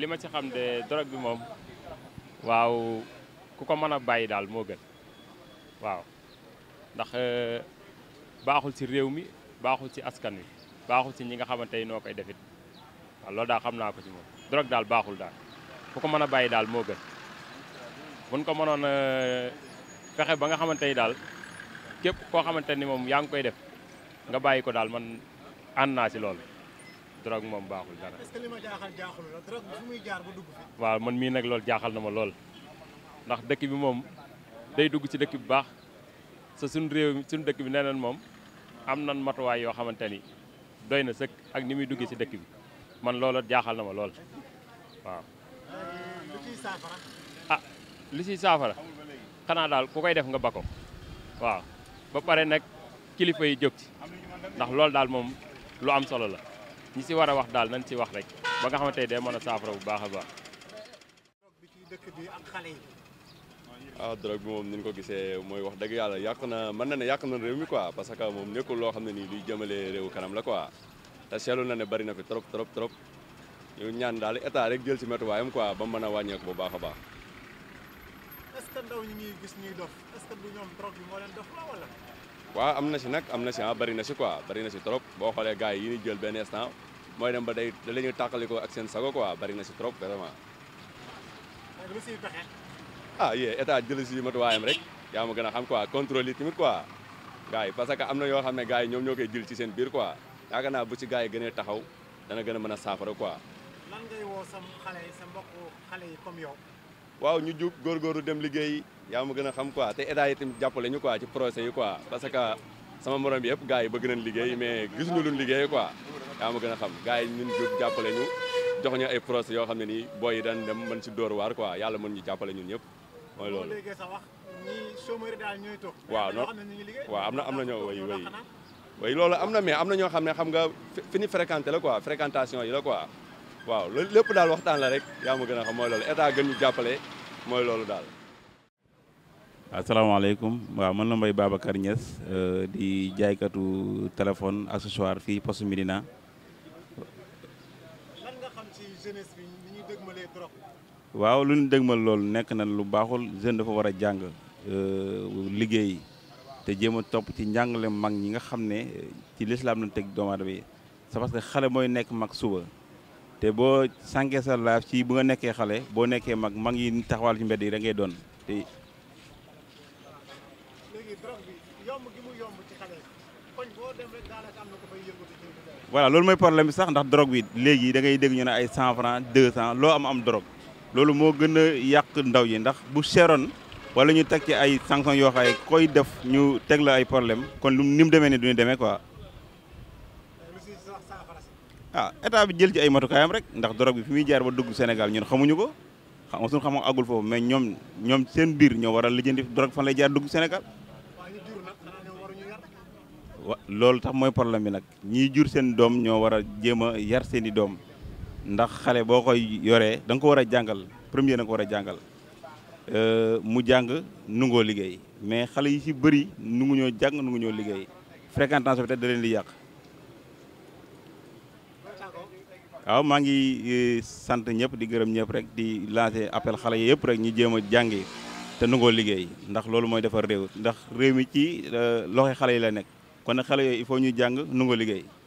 li ma ci xam de drogue bi moom waaw ku ko mën a bàyyi daal moo gën waaw ndax euh, baaxul si réew mi baaxul ci askan wi baaxul ci ñi nga xamante noo koy defit waaw loolu daal xam naa ko ci moom drogue daal baaxul daal ku ko mën a bàyyi daal moo gën buñ ko mënoon euh, fexe ba nga xamante yi daal képp koo xamante ni moom yaa ngi koy def nga bàyyi ko daal man ànd naa ci loolu drogue moom baaxul dara. est waaw man mii nag loolu jaaxal na ma lool ndax dëkk bi moom day dugg ci dëkk bu baax sa suñu réew suñu dëkk bi nee nañ moom am na matuwaay yoo xamante ni doy na sëkk ak ni muy duggee ci dëkk bi man loola jaaxal na ma lool waaw. lu ciy saafara. Ah, saafara xanaa daal ku koy def nga ba ko waaw ba pare nag kilifa yi jóg ci ndax loolu daal moom lu am solo la. ñi si war a wax daal nañ si wax rek ba nga xamante ne day mën a saafara bu baax a baax. ah drogue bi moom ni ñu ko gisee mooy wax dëgg yàlla yàq na mën na ne yàq na réew mi quoi parce que moom nekkul loo xam ne nii luy jëmale réew kanam la quoi te na ne bari na fi trop trop trop ñaan daal état rek jël si métuwaayam quoi ba mën a wàññeeku bu baax a baax. gis waaw am na si nag am na si ah bari na si quoi na si trop boo xoolee gars yi jël benn instant mooy dem ba dey da la ñuy tàqalikoo ak seen sago quoi bari na si trop vraiment. ah yee état jël si matuwaayam rek yaa ma gën a xam quoi contrôle yi tamit quoi gars yi parce que am na yoo xam ne gars yi ñoom ñoo koy jël ci seen biir quoi yaakaar naa bu ci gars yi gënee taxaw dana gën a mën a saafara quoi. lan ngay woo sa xale sa mbokk xale yi comme yow. waaw ñu jug góorgóorlu dem liggéey yaa ma gën a xam quoi te état yi tamit jàppale ñu quoi ci procès yi quoi parce que sama morom yëpp gars yi bëgg nañ liggéey mais gis ñu luñ liggéey quoi yaa ma a xam gars yi ñun jug jàppale ñu jox ñu ay procès yoo xam ne nii booy yi daan dem mën si door waar quoi yàlla mën ñu jàppale ñun ñëpp mooy loolu waaw non waaw am na am na ñoo way way way loolu am na mais am na ñoo xam ne xam nga fi ñu fréquenté la quoi fréquentation yi la quoi waaw loolu lépp daal waxtaan la rek yaa ma gën a xam mooy loolu état gën ñu jàppale mooy loolu daal. asalaamaaleykum waaw man la Mbaye Babacar Niass euh, di jaaykatu téléphone accessoire fii poste Médina. lan waaw lu ñu ma loolu nekk na lu baaxul jeune dafa war a jàng euh, liggéey te jéem a topp ci njàngale mag ñi nga xam ne ci lislaam na teg doomu aadama bi c'est parce que xale mooy nekk mag suba. te boo sànkee sa laaf ci bu nga nekkee xale boo nekkee mag mag yi taxawal ci mbedd yi da ngay doon te. loolu mooy problème bi sax ndax drogue bi léegi da ngay dégg ñu na ay 100 francs 200 loo am am drogue loolu moo gën a yàq ndaw yi ndax bu seeroon wala ñu teg ci ay sanction yoo xam ne koy def ñu teg la ay problème kon lu ni mu demee ni du demee quoi. ah état bi jël ci ay matukaayam rek ndax drogue bi fi muy jaar ba dugg Sénégal ñun xamuñu ko xam nga suñu xam agul foofu mais ñoom ñoom seen biir ñoo waral lijjanti drogue fan lay jaar dugg Sénégal wa loolu tax mooy problème bi nag ñi jur seen doom ñoo war a jéem a yar seen i doom ndax xale boo koy yoree da nga ko war a jàngal premier da ko war a jàngal euh, mu jàng nungoo liggéey mais xale yi ci bëri nungu ñoo jàng nungu ñoo liggéey fréquentation bi te da leen di yàq waaw maa ngi eh, sant ñëpp di gërëm ñëpp rek di lancer appel xale yëpp rek ñu jéem a jàngi te nangoo liggéey ndax loolu mooy defar réew ndax réew mi ci eh, loxo xale yi la nekk kon nag xale yo il faut ñuy jàng nangoo liggéey.